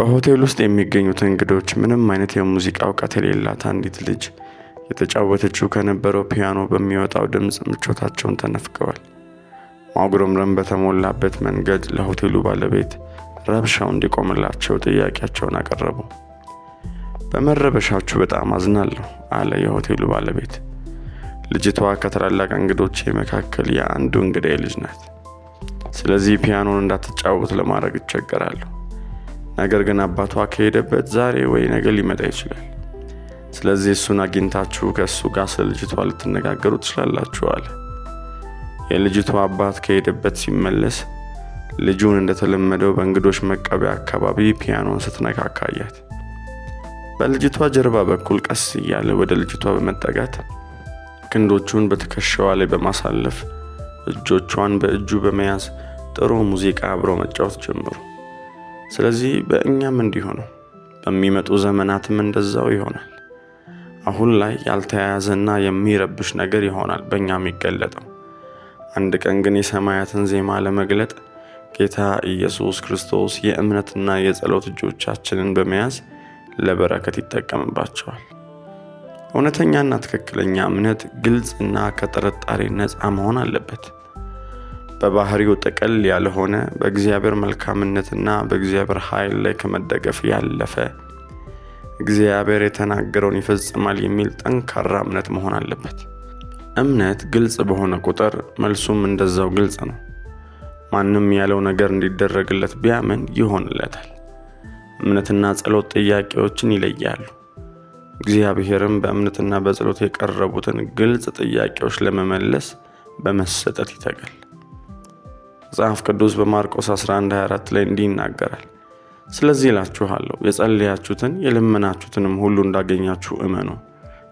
በሆቴል ውስጥ የሚገኙት እንግዶች ምንም አይነት የሙዚቃ እውቀት የሌላት አንዲት ልጅ የተጫወተችው ከነበረው ፒያኖ በሚወጣው ድምፅ ምቾታቸውን ተነፍገዋል። ማጉረምረም በተሞላበት መንገድ ለሆቴሉ ባለቤት ረብሻው እንዲቆምላቸው ጥያቄያቸውን አቀረቡ። በመረበሻችሁ በጣም አዝናለሁ አለ የሆቴሉ ባለቤት። ልጅቷ ከታላላቅ እንግዶች መካከል የአንዱ እንግዳ ልጅ ናት። ስለዚህ ፒያኖን እንዳትጫወት ለማድረግ ይቸገራለሁ። ነገር ግን አባቷ ከሄደበት ዛሬ ወይ ነገ ሊመጣ ይችላል። ስለዚህ እሱን አግኝታችሁ ከእሱ ጋር ስለ ልጅቷ ልትነጋገሩ ትችላላችሁ አለ። የልጅቷ አባት ከሄደበት ሲመለስ ልጁን እንደተለመደው በእንግዶች መቀበያ አካባቢ ፒያኖን ስትነካካያት። በልጅቷ ጀርባ በኩል ቀስ እያለ ወደ ልጅቷ በመጠጋት ክንዶቹን በትከሻዋ ላይ በማሳለፍ እጆቿን በእጁ በመያዝ ጥሩ ሙዚቃ አብረው መጫወት ጀመሩ። ስለዚህ በእኛም እንዲሁ ነው። በሚመጡ ዘመናትም እንደዛው ይሆናል። አሁን ላይ ያልተያያዘና የሚረብሽ ነገር ይሆናል በእኛ የሚገለጠው። አንድ ቀን ግን የሰማያትን ዜማ ለመግለጥ ጌታ ኢየሱስ ክርስቶስ የእምነትና የጸሎት እጆቻችንን በመያዝ ለበረከት ይጠቀምባቸዋል። እውነተኛና ትክክለኛ እምነት ግልጽና ከጥርጣሬ ነፃ መሆን አለበት። በባህሪው ጥቅል ያልሆነ በእግዚአብሔር መልካምነትና በእግዚአብሔር ኃይል ላይ ከመደገፍ ያለፈ እግዚአብሔር የተናገረውን ይፈጽማል የሚል ጠንካራ እምነት መሆን አለበት። እምነት ግልጽ በሆነ ቁጥር መልሱም እንደዛው ግልጽ ነው። ማንም ያለው ነገር እንዲደረግለት ቢያምን ይሆንለታል። እምነትና ጸሎት ጥያቄዎችን ይለያሉ። እግዚአብሔርም በእምነትና በጸሎት የቀረቡትን ግልጽ ጥያቄዎች ለመመለስ በመሰጠት ይተጋል። መጽሐፍ ቅዱስ በማርቆስ 1124 ላይ እንዲህ ይናገራል። ስለዚህ እላችኋለሁ የጸለያችሁትን የልመናችሁትንም ሁሉ እንዳገኛችሁ እመኑ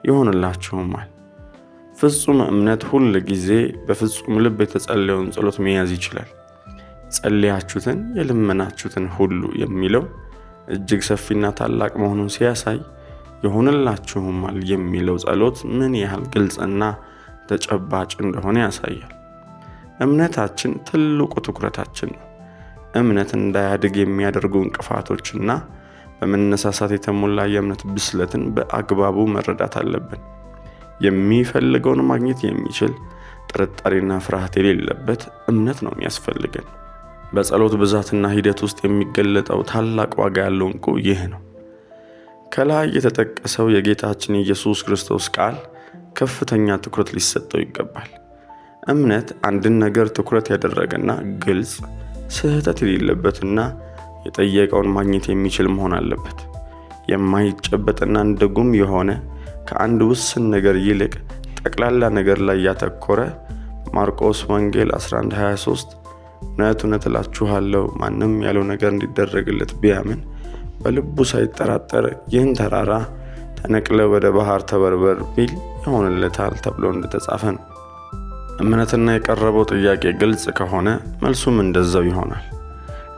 ይሆንላችሁማል። ፍጹም እምነት ሁል ጊዜ በፍጹም ልብ የተጸለየውን ጸሎት መያዝ ይችላል። ጸልያችሁትን የልመናችሁትን ሁሉ የሚለው እጅግ ሰፊና ታላቅ መሆኑን ሲያሳይ ይሆንላችሁማል የሚለው ጸሎት ምን ያህል ግልጽና ተጨባጭ እንደሆነ ያሳያል። እምነታችን ትልቁ ትኩረታችን ነው። እምነት እንዳያድግ የሚያደርጉ እንቅፋቶችና በመነሳሳት የተሞላ የእምነት ብስለትን በአግባቡ መረዳት አለብን። የሚፈልገውን ማግኘት የሚችል ጥርጣሬና ፍርሃት የሌለበት እምነት ነው የሚያስፈልገን። በጸሎት ብዛትና ሂደት ውስጥ የሚገለጠው ታላቅ ዋጋ ያለው እንቁ ይህ ነው። ከላይ የተጠቀሰው የጌታችን የኢየሱስ ክርስቶስ ቃል ከፍተኛ ትኩረት ሊሰጠው ይገባል። እምነት አንድን ነገር ትኩረት ያደረገና ግልጽ፣ ስህተት የሌለበትና የጠየቀውን ማግኘት የሚችል መሆን አለበት። የማይጨበጥና እንደ ጉም የሆነ ከአንድ ውስን ነገር ይልቅ ጠቅላላ ነገር ላይ ያተኮረ ማርቆስ ወንጌል 11:23 እውነት እውነት እላችኋለሁ ማንም ያለው ነገር እንዲደረግለት ቢያምን በልቡ ሳይጠራጠር ይህን ተራራ ተነቅለ ወደ ባህር ተበርበር ቢል ይሆንለታል ተብሎ እንደተጻፈ ነው። እምነትና የቀረበው ጥያቄ ግልጽ ከሆነ መልሱም እንደዛው ይሆናል።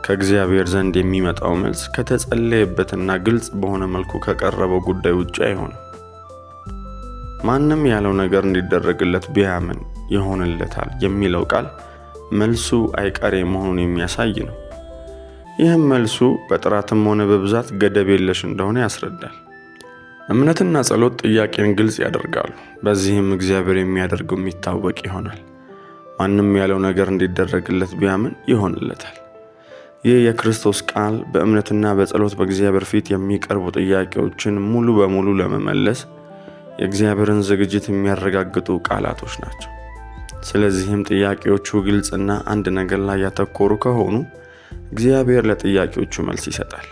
ከእግዚአብሔር ዘንድ የሚመጣው መልስ ከተጸለየበትና ግልጽ በሆነ መልኩ ከቀረበው ጉዳይ ውጭ አይሆንም። ማንም ያለው ነገር እንዲደረግለት ቢያምን ይሆንለታል የሚለው ቃል መልሱ አይቀሬ መሆኑን የሚያሳይ ነው። ይህም መልሱ በጥራትም ሆነ በብዛት ገደብ የለሽ እንደሆነ ያስረዳል። እምነትና ጸሎት ጥያቄን ግልጽ ያደርጋሉ። በዚህም እግዚአብሔር የሚያደርገው የሚታወቅ ይሆናል። ማንም ያለው ነገር እንዲደረግለት ቢያምን ይሆንለታል። ይህ የክርስቶስ ቃል በእምነትና በጸሎት በእግዚአብሔር ፊት የሚቀርቡ ጥያቄዎችን ሙሉ በሙሉ ለመመለስ የእግዚአብሔርን ዝግጅት የሚያረጋግጡ ቃላቶች ናቸው። ስለዚህም ጥያቄዎቹ ግልጽና አንድ ነገር ላይ ያተኮሩ ከሆኑ እግዚአብሔር ለጥያቄዎቹ መልስ ይሰጣል።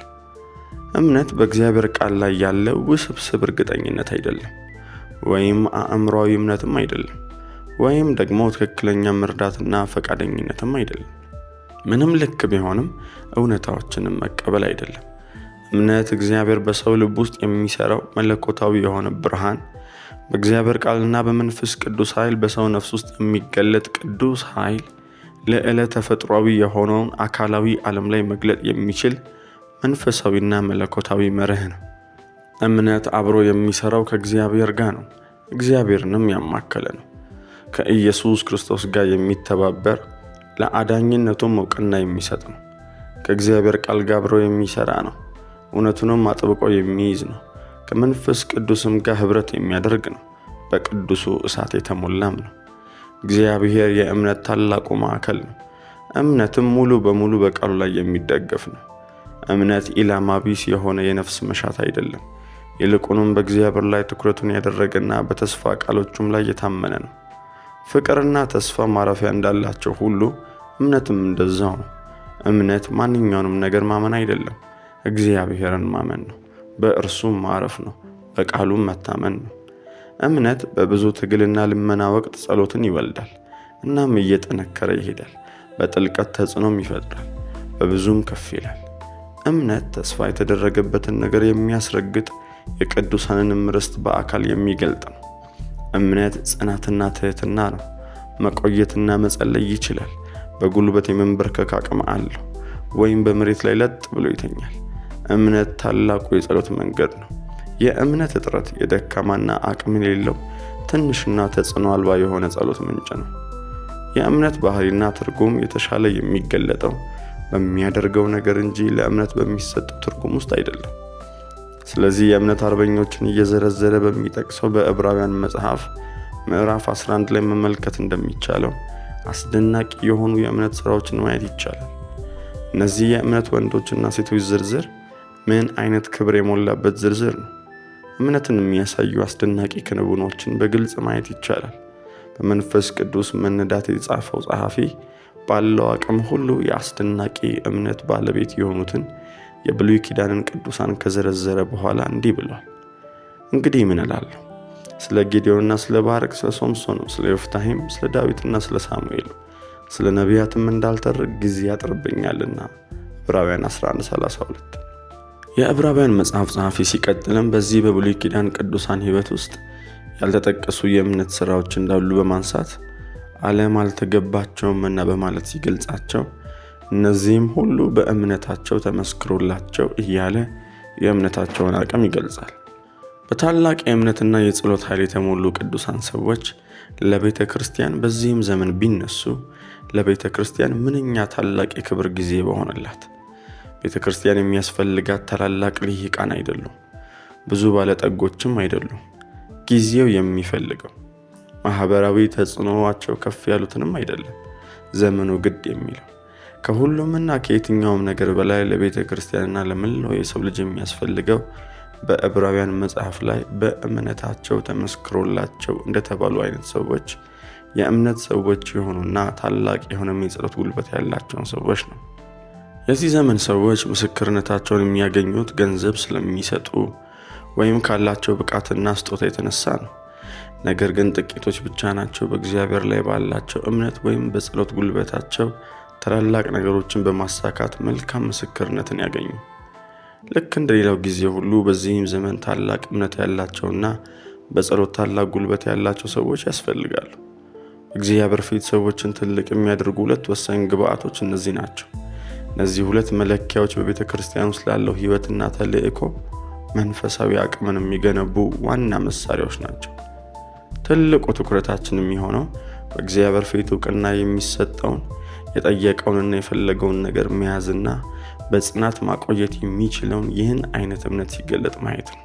እምነት በእግዚአብሔር ቃል ላይ ያለ ውስብስብ እርግጠኝነት አይደለም፣ ወይም አእምሯዊ እምነትም አይደለም፣ ወይም ደግሞ ትክክለኛ ምርዳትና ፈቃደኝነትም አይደለም። ምንም ልክ ቢሆንም እውነታዎችንም መቀበል አይደለም። እምነት እግዚአብሔር በሰው ልብ ውስጥ የሚሰራው መለኮታዊ የሆነ ብርሃን በእግዚአብሔር ቃልና በመንፈስ ቅዱስ ኃይል በሰው ነፍስ ውስጥ የሚገለጥ ቅዱስ ኃይል ለዕለ ተፈጥሯዊ የሆነውን አካላዊ ዓለም ላይ መግለጥ የሚችል መንፈሳዊና መለኮታዊ መርህ ነው። እምነት አብሮ የሚሰራው ከእግዚአብሔር ጋር ነው፣ እግዚአብሔርንም ያማከለ ነው። ከኢየሱስ ክርስቶስ ጋር የሚተባበር ለአዳኝነቱም እውቅና የሚሰጥ ነው። ከእግዚአብሔር ቃል ጋር አብሮ የሚሰራ ነው። እውነቱንም አጥብቆ የሚይዝ ነው። ከመንፈስ ቅዱስም ጋር ኅብረት የሚያደርግ ነው። በቅዱሱ እሳት የተሞላም ነው። እግዚአብሔር የእምነት ታላቁ ማዕከል ነው። እምነትም ሙሉ በሙሉ በቃሉ ላይ የሚደገፍ ነው። እምነት ኢላማ ቢስ የሆነ የነፍስ መሻት አይደለም። ይልቁንም በእግዚአብሔር ላይ ትኩረቱን ያደረገና በተስፋ ቃሎቹም ላይ የታመነ ነው። ፍቅርና ተስፋ ማረፊያ እንዳላቸው ሁሉ እምነትም እንደዛው ነው። እምነት ማንኛውንም ነገር ማመን አይደለም፣ እግዚአብሔርን ማመን ነው። በእርሱም ማረፍ ነው፣ በቃሉም መታመን ነው። እምነት በብዙ ትግልና ልመና ወቅት ጸሎትን ይወልዳል። እናም እየጠነከረ ይሄዳል፣ በጥልቀት ተጽዕኖም ይፈጥራል፣ በብዙም ከፍ ይላል። እምነት ተስፋ የተደረገበትን ነገር የሚያስረግጥ የቅዱሳንንም ርስት በአካል የሚገልጥ ነው። እምነት ጽናትና ትህትና ነው። መቆየትና መጸለይ ይችላል። በጉልበት የመንበርከክ አቅም አለው፣ ወይም በመሬት ላይ ለጥ ብሎ ይተኛል። እምነት ታላቁ የጸሎት መንገድ ነው። የእምነት እጥረት የደካማና አቅም የሌለው ትንሽና ተጽዕኖ አልባ የሆነ ጸሎት ምንጭ ነው። የእምነት ባህሪና ትርጉም የተሻለ የሚገለጠው በሚያደርገው ነገር እንጂ ለእምነት በሚሰጠው ትርጉም ውስጥ አይደለም። ስለዚህ የእምነት አርበኞችን እየዘረዘረ በሚጠቅሰው በዕብራውያን መጽሐፍ ምዕራፍ 11 ላይ መመልከት እንደሚቻለው አስደናቂ የሆኑ የእምነት ስራዎችን ማየት ይቻላል። እነዚህ የእምነት ወንዶችና ሴቶች ዝርዝር ምን አይነት ክብር የሞላበት ዝርዝር ነው! እምነትን የሚያሳዩ አስደናቂ ክንውኖችን በግልጽ ማየት ይቻላል። በመንፈስ ቅዱስ መነዳት የተጻፈው ጸሐፊ ባለው አቅም ሁሉ የአስደናቂ እምነት ባለቤት የሆኑትን የብሉይ ኪዳንን ቅዱሳን ከዘረዘረ በኋላ እንዲህ ብሏል። እንግዲህ ምን እላለሁ? ስለ ጌዴዮንና ስለ ባረቅ፣ ስለ ሶምሶኑ ስለ ዮፍታሄም፣ ስለ ዳዊትና ስለ ሳሙኤል፣ ስለ ነቢያትም እንዳልተርክ ጊዜ ያጥርብኛልና። ዕብራውያን 1132 የዕብራውያን መጽሐፍ ጸሐፊ ሲቀጥልም በዚህ በብሉይ ኪዳን ቅዱሳን ሕይወት ውስጥ ያልተጠቀሱ የእምነት ሥራዎች እንዳሉ በማንሳት ዓለም አልተገባቸውምና በማለት ሲገልጻቸው እነዚህም ሁሉ በእምነታቸው ተመስክሮላቸው እያለ የእምነታቸውን አቅም ይገልጻል። በታላቅ የእምነትና የጸሎት ኃይል የተሞሉ ቅዱሳን ሰዎች ለቤተ ክርስቲያን በዚህም ዘመን ቢነሱ ለቤተ ክርስቲያን ምንኛ ታላቅ የክብር ጊዜ በሆነላት። ቤተ ክርስቲያን የሚያስፈልጋት ታላላቅ ልሂቃን አይደሉም፣ ብዙ ባለጠጎችም አይደሉም። ጊዜው የሚፈልገው ማህበራዊ ተጽዕኖዋቸው ከፍ ያሉትንም አይደለም ዘመኑ ግድ የሚለው ከሁሉምና ከየትኛውም ነገር በላይ ለቤተ ክርስቲያንና ለምንለው የሰው ልጅ የሚያስፈልገው በዕብራውያን መጽሐፍ ላይ በእምነታቸው ተመስክሮላቸው እንደተባሉ አይነት ሰዎች የእምነት ሰዎች የሆኑና ታላቅ የሆነ የጸሎት ጉልበት ያላቸውን ሰዎች ነው። የዚህ ዘመን ሰዎች ምስክርነታቸውን የሚያገኙት ገንዘብ ስለሚሰጡ ወይም ካላቸው ብቃትና ስጦታ የተነሳ ነው። ነገር ግን ጥቂቶች ብቻ ናቸው በእግዚአብሔር ላይ ባላቸው እምነት ወይም በጸሎት ጉልበታቸው ታላላቅ ነገሮችን በማሳካት መልካም ምስክርነትን ያገኙ። ልክ እንደሌላው ጊዜ ሁሉ በዚህም ዘመን ታላቅ እምነት ያላቸውና በጸሎት ታላቅ ጉልበት ያላቸው ሰዎች ያስፈልጋሉ። እግዚአብሔር ፊት ሰዎችን ትልቅ የሚያደርጉ ሁለት ወሳኝ ግብአቶች እነዚህ ናቸው። እነዚህ ሁለት መለኪያዎች በቤተ ክርስቲያን ውስጥ ላለው ህይወትና ተልእኮ መንፈሳዊ አቅምን የሚገነቡ ዋና መሳሪያዎች ናቸው። ትልቁ ትኩረታችን የሚሆነው በእግዚአብሔር ፊት እውቅና የሚሰጠውን የጠየቀውንና የፈለገውን ነገር መያዝና በጽናት ማቆየት የሚችለውን ይህን አይነት እምነት ሲገለጥ ማየት ነው።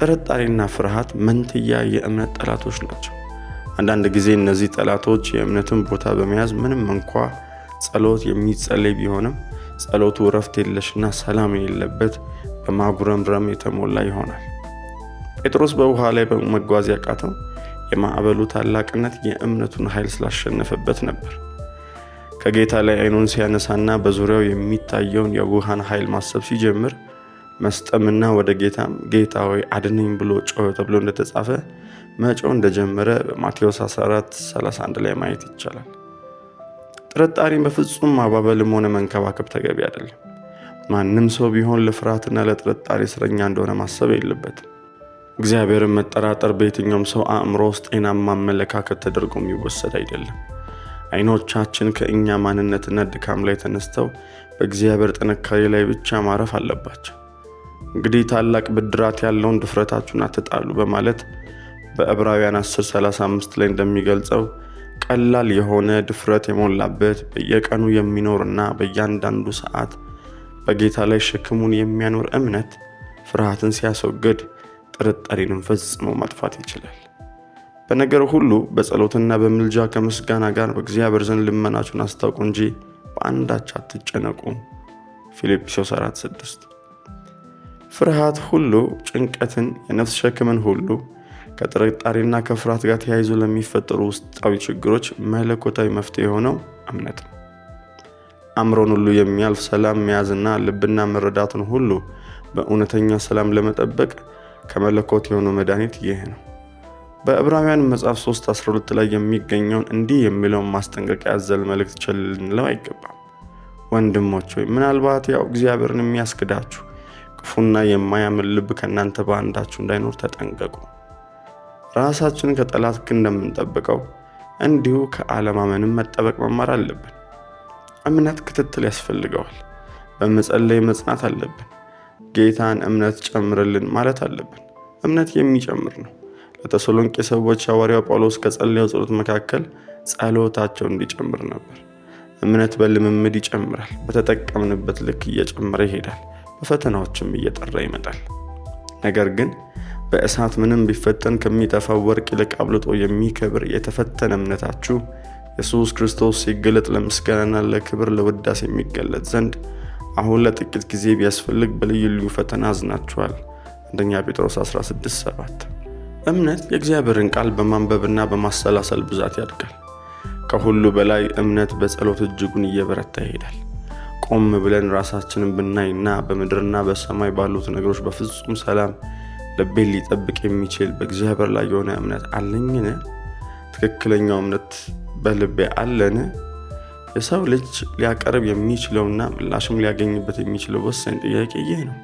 ጥርጣሬና ፍርሃት መንትያ የእምነት ጠላቶች ናቸው። አንዳንድ ጊዜ እነዚህ ጠላቶች የእምነትን ቦታ በመያዝ ምንም እንኳ ጸሎት የሚጸለይ ቢሆንም ጸሎቱ እረፍት የለሽና ሰላም የሌለበት በማጉረምረም የተሞላ ይሆናል። ጴጥሮስ በውሃ ላይ መጓዝ ያቃተው የማዕበሉ ታላቅነት የእምነቱን ኃይል ስላሸነፈበት ነበር። ከጌታ ላይ አይኑን ሲያነሳና በዙሪያው የሚታየውን የውሃን ኃይል ማሰብ ሲጀምር መስጠምና ወደ ጌታም ጌታ ወይ አድነኝ ብሎ ጮኸ ተብሎ እንደተጻፈ መጮ እንደጀመረ በማቴዎስ 31 ላይ ማየት ይቻላል። ጥርጣሬን በፍጹም ማባበልም ሆነ መንከባከብ ተገቢ አይደለም። ማንም ሰው ቢሆን ለፍርሃትና ለጥርጣሬ እስረኛ እንደሆነ ማሰብ የለበትም። እግዚአብሔርን መጠራጠር በየትኛውም ሰው አእምሮ ውስጥ ጤናማ አመለካከት ተደርጎ የሚወሰድ አይደለም። አይኖቻችን ከእኛ ማንነትና ድካም ላይ ተነስተው በእግዚአብሔር ጥንካሬ ላይ ብቻ ማረፍ አለባቸው። እንግዲህ ታላቅ ብድራት ያለውን ድፍረታችሁን አትጣሉ በማለት በዕብራውያን 10:35 ላይ እንደሚገልጸው ቀላል የሆነ ድፍረት የሞላበት በየቀኑ የሚኖርና በእያንዳንዱ ሰዓት በጌታ ላይ ሸክሙን የሚያኖር እምነት ፍርሃትን ሲያስወግድ ጥርጣሬንም ፈጽሞ ማጥፋት ይችላል። በነገር ሁሉ በጸሎትና በምልጃ ከምስጋና ጋር በእግዚአብሔር ዘንድ ልመናችሁን አስታውቁ እንጂ በአንዳች አትጨነቁ። ፊልጵስዩስ 4፥6 ፍርሃት ሁሉ፣ ጭንቀትን፣ የነፍስ ሸክምን ሁሉ ከጥርጣሬና ከፍርሃት ጋር ተያይዞ ለሚፈጠሩ ውስጣዊ ችግሮች መለኮታዊ መፍትሄ የሆነው እምነት ነው። አእምሮን ሁሉ የሚያልፍ ሰላም መያዝና ልብና መረዳትን ሁሉ በእውነተኛ ሰላም ለመጠበቅ ከመለኮት የሆነው መድኃኒት ይሄ ነው። በዕብራውያን መጽሐፍ 3:12 ላይ የሚገኘውን እንዲህ የሚለውን ማስጠንቀቂያ አዘል መልእክት ቸል ልንለው አይገባም። ወንድሞች ሆይ ምናልባት ያው እግዚአብሔርን የሚያስክዳችሁ ክፉና የማያምን ልብ ከእናንተ በአንዳችሁ እንዳይኖር ተጠንቀቁ። ራሳችንን ከጠላት እንደምንጠብቀው እንዲሁ ከአለማመንም መጠበቅ መማር አለብን። እምነት ክትትል ያስፈልገዋል። በመጸለይ መጽናት አለብን። ጌታን እምነት ጨምርልን ማለት አለብን። እምነት የሚጨምር ነው። ለተሰሎንቄ ሰዎች ሐዋርያው ጳውሎስ ከጸለየው ጸሎት መካከል ጸሎታቸው እንዲጨምር ነበር። እምነት በልምምድ ይጨምራል። በተጠቀምንበት ልክ እየጨመረ ይሄዳል። በፈተናዎችም እየጠራ ይመጣል። ነገር ግን በእሳት ምንም ቢፈተን ከሚጠፋው ወርቅ ይልቅ አብልጦ የሚከብር የተፈተነ እምነታችሁ ኢየሱስ ክርስቶስ ሲገለጥ ለምስጋናና ለክብር ለውዳሴ የሚገለጥ ዘንድ አሁን ለጥቂት ጊዜ ቢያስፈልግ በልዩ ልዩ ፈተና አዝናችኋል። አንደኛ ጴጥሮስ 16፥7 እምነት የእግዚአብሔርን ቃል በማንበብና በማሰላሰል ብዛት ያድጋል። ከሁሉ በላይ እምነት በጸሎት እጅጉን እየበረታ ይሄዳል። ቆም ብለን ራሳችንን ብናይና በምድርና በሰማይ ባሉት ነገሮች በፍጹም ሰላም ልቤን ሊጠብቅ የሚችል በእግዚአብሔር ላይ የሆነ እምነት አለኝን? ትክክለኛው እምነት በልቤ አለን? የሰው ልጅ ሊያቀርብ የሚችለውና ምላሽም ሊያገኝበት የሚችለው ወሳኝ ጥያቄ ይህ ነው።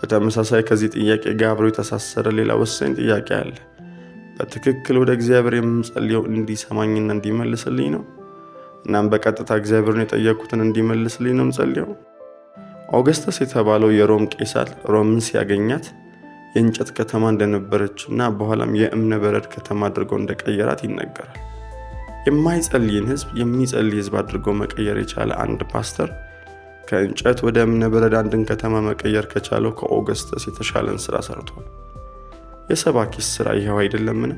በተመሳሳይ ከዚህ ጥያቄ ጋር አብሮ የተሳሰረ ሌላ ወሳኝ ጥያቄ አለ። በትክክል ወደ እግዚአብሔር የምንጸልየው እንዲሰማኝና እንዲመልስልኝ ነው። እናም በቀጥታ እግዚአብሔርን የጠየኩትን እንዲመልስልኝ ነው ምጸልየው። ኦገስተስ የተባለው የሮም ቄሳል ሮምን ሲያገኛት የእንጨት ከተማ እንደነበረችና በኋላም የእምነ በረድ ከተማ አድርገው እንደቀየራት ይነገራል። የማይጸልይን ህዝብ የሚጸልይ ህዝብ አድርጎ መቀየር የቻለ አንድ ፓስተር ከእንጨት ወደ እብነ በረድ አንድን ከተማ መቀየር ከቻለው ከኦገስተስ የተሻለን ስራ ሰርቷል። የሰባኪስ ስራ ይኸው አይደለምን?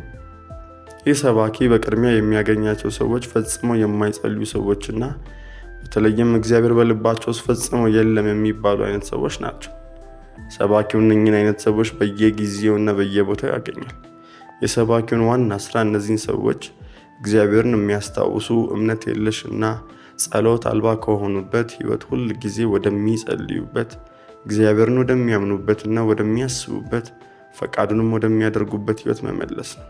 ይህ ሰባኪ በቅድሚያ የሚያገኛቸው ሰዎች ፈጽመው የማይጸልዩ ሰዎችና በተለይም እግዚአብሔር በልባቸው ፈጽመው ፈጽሞ የለም የሚባሉ አይነት ሰዎች ናቸው። ሰባኪው እነኝን አይነት ሰዎች በየጊዜውና በየቦታው ያገኛል። የሰባኪውን ዋና ስራ እነዚህን ሰዎች እግዚአብሔርን የሚያስታውሱ እምነት የለሽ እና ጸሎት አልባ ከሆኑበት ህይወት ሁል ጊዜ ወደሚጸልዩበት እግዚአብሔርን ወደሚያምኑበትና ወደሚያስቡበት ፈቃዱንም ወደሚያደርጉበት ህይወት መመለስ ነው።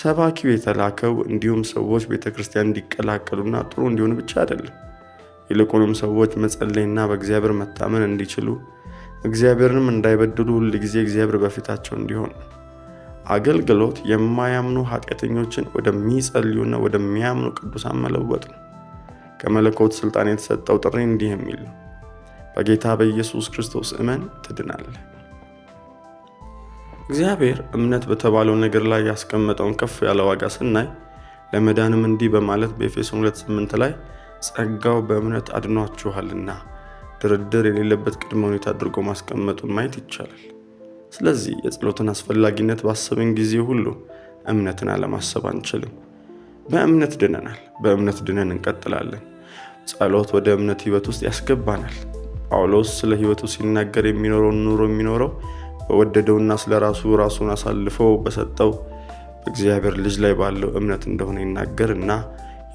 ሰባኪው የተላከው እንዲሁም ሰዎች ቤተ ክርስቲያን እንዲቀላቀሉና ጥሩ እንዲሆኑ ብቻ አይደለም። ይልቁንም ሰዎች መጸለይና በእግዚአብሔር መታመን እንዲችሉ፣ እግዚአብሔርንም እንዳይበድሉ ሁል ጊዜ እግዚአብሔር በፊታቸው እንዲሆን አገልግሎት የማያምኑ ኃጢአተኞችን ወደሚጸልዩና ወደሚያምኑ ቅዱሳን መለወጥ ነው። ከመለኮት ሥልጣን የተሰጠው ጥሪ እንዲህ የሚል ነው፣ በጌታ በኢየሱስ ክርስቶስ እመን ትድናለ። እግዚአብሔር እምነት በተባለው ነገር ላይ ያስቀመጠውን ከፍ ያለ ዋጋ ስናይ ለመዳንም እንዲህ በማለት በኤፌሶን 2፥8 ላይ ጸጋው በእምነት አድኗችኋልና ድርድር የሌለበት ቅድመ ሁኔታ አድርጎ ማስቀመጡን ማየት ይቻላል። ስለዚህ የጸሎትን አስፈላጊነት ባሰብን ጊዜ ሁሉ እምነትን አለማሰብ አንችልም። በእምነት ድነናል፣ በእምነት ድነን እንቀጥላለን። ጸሎት ወደ እምነት ህይወት ውስጥ ያስገባናል። ጳውሎስ ስለ ህይወቱ ሲናገር የሚኖረውን ኑሮ የሚኖረው በወደደውና ስለ ራሱ ራሱን አሳልፎ በሰጠው በእግዚአብሔር ልጅ ላይ ባለው እምነት እንደሆነ ይናገር እና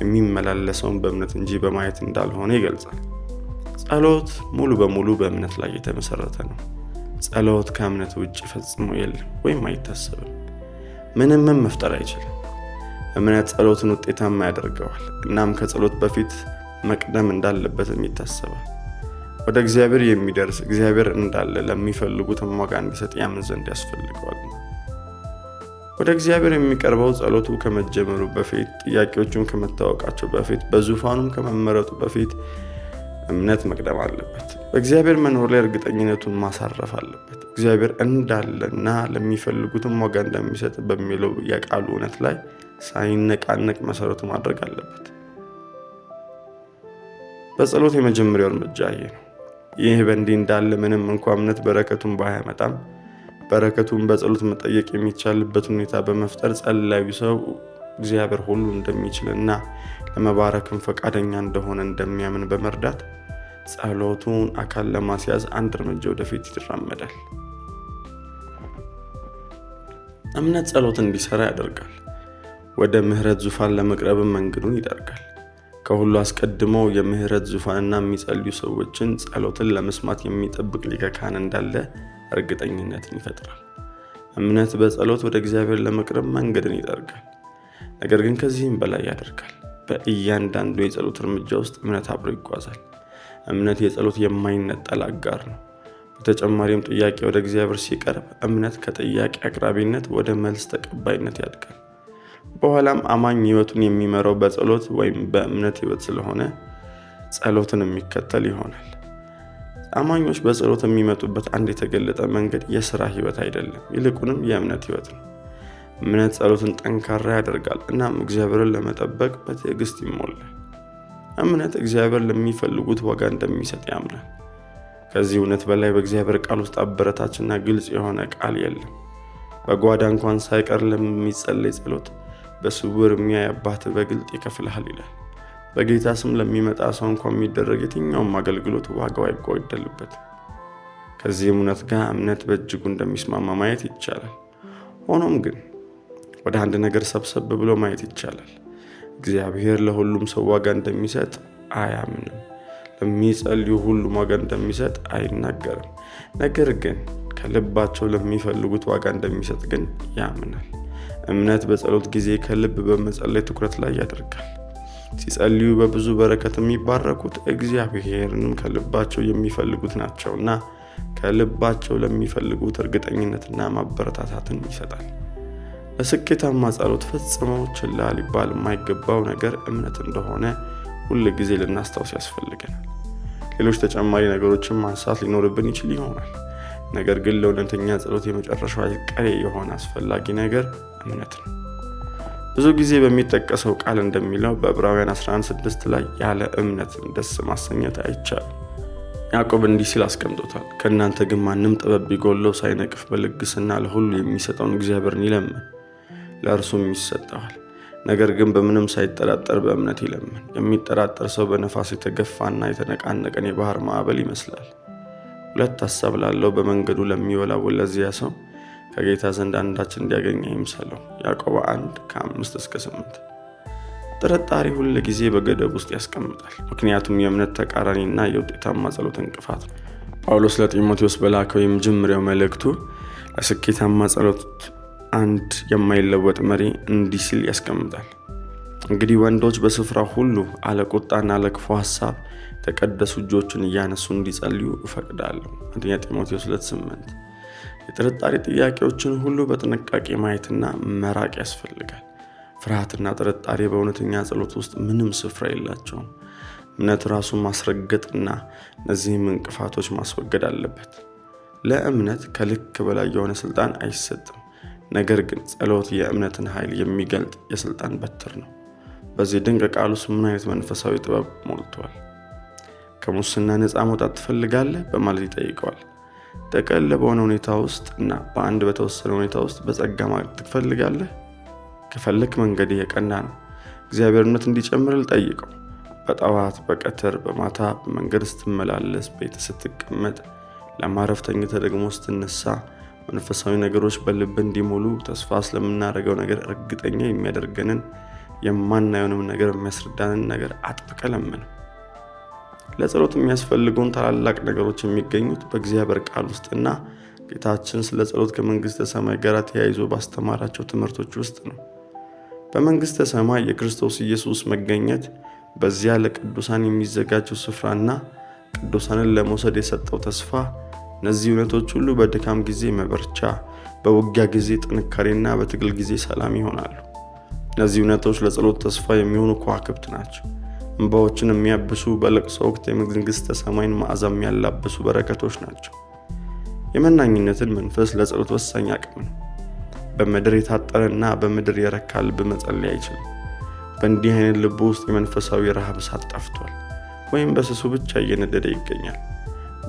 የሚመላለሰውን በእምነት እንጂ በማየት እንዳልሆነ ይገልጻል። ጸሎት ሙሉ በሙሉ በእምነት ላይ የተመሰረተ ነው። ጸሎት ከእምነት ውጭ ፈጽሞ የለም ወይም አይታሰብም። ምንምም መፍጠር አይችልም። እምነት ጸሎትን ውጤታማ ያደርገዋል። እናም ከጸሎት በፊት መቅደም እንዳለበትም ይታሰባል። ወደ እግዚአብሔር የሚደርስ እግዚአብሔር እንዳለ ለሚፈልጉትም ዋጋ እንዲሰጥ ያምን ዘንድ ያስፈልገዋል። ወደ እግዚአብሔር የሚቀርበው ጸሎቱ ከመጀመሩ በፊት ጥያቄዎቹም ከመታወቃቸው በፊት በዙፋኑም ከመመረጡ በፊት እምነት መቅደም አለበት። በእግዚአብሔር መኖር ላይ እርግጠኝነቱን ማሳረፍ አለበት። እግዚአብሔር እንዳለና ለሚፈልጉትም ዋጋ እንደሚሰጥ በሚለው የቃሉ እውነት ላይ ሳይነቃነቅ መሰረቱ ማድረግ አለበት። በጸሎት የመጀመሪያው እርምጃ ይህ ነው። ይህ በእንዲህ እንዳለ ምንም እንኳ እምነት በረከቱን ባያመጣም በረከቱን በጸሎት መጠየቅ የሚቻልበት ሁኔታ በመፍጠር ጸላዩ ሰው እግዚአብሔር ሁሉ እንደሚችልና ለመባረክም ፈቃደኛ እንደሆነ እንደሚያምን በመርዳት ጸሎቱን አካል ለማስያዝ አንድ እርምጃ ወደፊት ይራመዳል። እምነት ጸሎት እንዲሰራ ያደርጋል። ወደ ምህረት ዙፋን ለመቅረብ መንገዱን ይጠርጋል። ከሁሉ አስቀድሞ የምህረት ዙፋንና የሚጸልዩ ሰዎችን ጸሎትን ለመስማት የሚጠብቅ ሊቀ ካህን እንዳለ እርግጠኝነትን ይፈጥራል። እምነት በጸሎት ወደ እግዚአብሔር ለመቅረብ መንገድን ይጠርጋል። ነገር ግን ከዚህም በላይ ያደርጋል። በእያንዳንዱ የጸሎት እርምጃ ውስጥ እምነት አብሮ ይጓዛል። እምነት የጸሎት የማይነጠል አጋር ነው። በተጨማሪም ጥያቄ ወደ እግዚአብሔር ሲቀርብ እምነት ከጥያቄ አቅራቢነት ወደ መልስ ተቀባይነት ያድጋል። በኋላም አማኝ ህይወቱን የሚመራው በጸሎት ወይም በእምነት ህይወት ስለሆነ ጸሎትን የሚከተል ይሆናል። አማኞች በጸሎት የሚመጡበት አንድ የተገለጠ መንገድ የስራ ህይወት አይደለም፣ ይልቁንም የእምነት ህይወት ነው። እምነት ጸሎትን ጠንካራ ያደርጋል፣ እናም እግዚአብሔርን ለመጠበቅ በትዕግስት ይሞላል። እምነት እግዚአብሔር ለሚፈልጉት ዋጋ እንደሚሰጥ ያምናል። ከዚህ እውነት በላይ በእግዚአብሔር ቃል ውስጥ አበረታችና ግልጽ የሆነ ቃል የለም። በጓዳ እንኳን ሳይቀር ለሚጸለይ ጸሎት በስውር የሚያይ አባት በግልጥ ይከፍልሃል ይላል። በጌታ ስም ለሚመጣ ሰው እንኳ የሚደረግ የትኛውም አገልግሎት ዋጋው አይጓደልበትም። ከዚህም እውነት ጋር እምነት በእጅጉ እንደሚስማማ ማየት ይቻላል። ሆኖም ግን ወደ አንድ ነገር ሰብሰብ ብሎ ማየት ይቻላል። እግዚአብሔር ለሁሉም ሰው ዋጋ እንደሚሰጥ አያምንም። ለሚጸልዩ ሁሉም ዋጋ እንደሚሰጥ አይናገርም። ነገር ግን ከልባቸው ለሚፈልጉት ዋጋ እንደሚሰጥ ግን ያምናል። እምነት በጸሎት ጊዜ ከልብ በመጸለይ ትኩረት ላይ ያደርጋል። ሲጸልዩ በብዙ በረከት የሚባረኩት እግዚአብሔርንም ከልባቸው የሚፈልጉት ናቸውና ከልባቸው ለሚፈልጉት እርግጠኝነትና ማበረታታትን ይሰጣል። በስኬታማ ጸሎት ፈጽመው ችላ ሊባል የማይገባው ነገር እምነት እንደሆነ ሁል ጊዜ ልናስታውስ ያስፈልገናል። ሌሎች ተጨማሪ ነገሮችን ማንሳት ሊኖርብን ይችል ይሆናል። ነገር ግን ለእውነተኛ ጸሎት የመጨረሻው ቀሬ የሆነ አስፈላጊ ነገር እምነት ነው። ብዙ ጊዜ በሚጠቀሰው ቃል እንደሚለው በዕብራውያን 11፥6 ላይ ያለ እምነት ደስ ማሰኘት አይቻልም። ያዕቆብ እንዲህ ሲል አስቀምጦታል። ከእናንተ ግን ማንም ጥበብ ቢጎለው ሳይነቅፍ በልግስና ለሁሉ የሚሰጠውን እግዚአብሔርን ይለምን ለእርሱም ይሰጠዋል። ነገር ግን በምንም ሳይጠራጠር በእምነት ይለምን። የሚጠራጠር ሰው በነፋስ የተገፋና የተነቃነቀን የባህር ማዕበል ይመስላል። ሁለት ሀሳብ ላለው በመንገዱ ለሚወላወል ለዚያ ሰው ከጌታ ዘንድ አንዳች እንዲያገኝ ይምሰለው ያዕቆብ 1 ከአምስት እስከ 8። ጥርጣሬ ሁል ጊዜ በገደብ ውስጥ ያስቀምጣል፣ ምክንያቱም የእምነት ተቃራኒና የውጤታማ ጸሎት እንቅፋት ነው። ጳውሎስ ለጢሞቴዎስ በላከው የመጀመሪያው መልእክቱ ለስኬታማ ጸሎት አንድ የማይለወጥ መሪ እንዲህ ሲል ያስቀምጣል። እንግዲህ ወንዶች በስፍራ ሁሉ አለቁጣና አለክፎ ሀሳብ የተቀደሱ እጆቹን እያነሱ እንዲጸልዩ እፈቅዳለሁ። አንደኛ ጢሞቴዎስ 28 የጥርጣሬ ጥያቄዎችን ሁሉ በጥንቃቄ ማየትና መራቅ ያስፈልጋል። ፍርሃትና ጥርጣሬ በእውነተኛ ጸሎት ውስጥ ምንም ስፍራ የላቸውም። እምነት ራሱን ማስረገጥና እነዚህም እንቅፋቶች ማስወገድ አለበት። ለእምነት ከልክ በላይ የሆነ ስልጣን አይሰጥም። ነገር ግን ጸሎት የእምነትን ኃይል የሚገልጥ የሥልጣን በትር ነው። በዚህ ድንቅ ቃል ውስጥ ምን አይነት መንፈሳዊ ጥበብ ሞልቷል! ከሙስና ነፃ መውጣት ትፈልጋለህ? በማለት ይጠይቀዋል። ጠቀል በሆነ ሁኔታ ውስጥ እና በአንድ በተወሰነ ሁኔታ ውስጥ በጸጋ ማለት ትፈልጋለህ? ከፈልክ መንገድ የቀና ነው። እግዚአብሔር እምነት ልጠይቀው። በጠዋት በቀትር በማታ በመንገድ ስትመላለስ፣ ቤት ስትቀመጥ፣ ለማረፍተኝ ተደግሞ ስትነሳ መንፈሳዊ ነገሮች በልብ እንዲሞሉ ተስፋ ስለምናደርገው ነገር እርግጠኛ የሚያደርገንን የማናየውንም ነገር የሚያስረዳንን ነገር አጥብቀ ለምን። ለጸሎት የሚያስፈልገውን ታላላቅ ነገሮች የሚገኙት በእግዚአብሔር ቃል ውስጥና ጌታችን ስለ ጸሎት ከመንግስተ ሰማይ ጋር ተያይዞ ባስተማራቸው ትምህርቶች ውስጥ ነው። በመንግስተ ሰማይ የክርስቶስ ኢየሱስ መገኘት በዚያ ለቅዱሳን የሚዘጋጀው ስፍራና ቅዱሳንን ለመውሰድ የሰጠው ተስፋ እነዚህ እውነቶች ሁሉ በድካም ጊዜ መበርቻ፣ በውጊያ ጊዜ ጥንካሬና በትግል ጊዜ ሰላም ይሆናሉ። እነዚህ እውነቶች ለጸሎት ተስፋ የሚሆኑ ከዋክብት ናቸው። እንባዎችን የሚያብሱ፣ በለቅሶ ወቅት የመንግሥተ ሰማይን ማዕዛ የሚያላብሱ በረከቶች ናቸው። የመናኝነትን መንፈስ ለጸሎት ወሳኝ አቅም ነው። በምድር የታጠረና በምድር የረካ ልብ መጸለይ አይችልም። በእንዲህ አይነት ልብ ውስጥ የመንፈሳዊ ረሃብ ሳት ጠፍቷል፣ ወይም በስሱ ብቻ እየነደደ ይገኛል።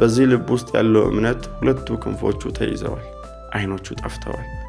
በዚህ ልብ ውስጥ ያለው እምነት ሁለቱ ክንፎቹ ተይዘዋል፣ አይኖቹ ጠፍተዋል፣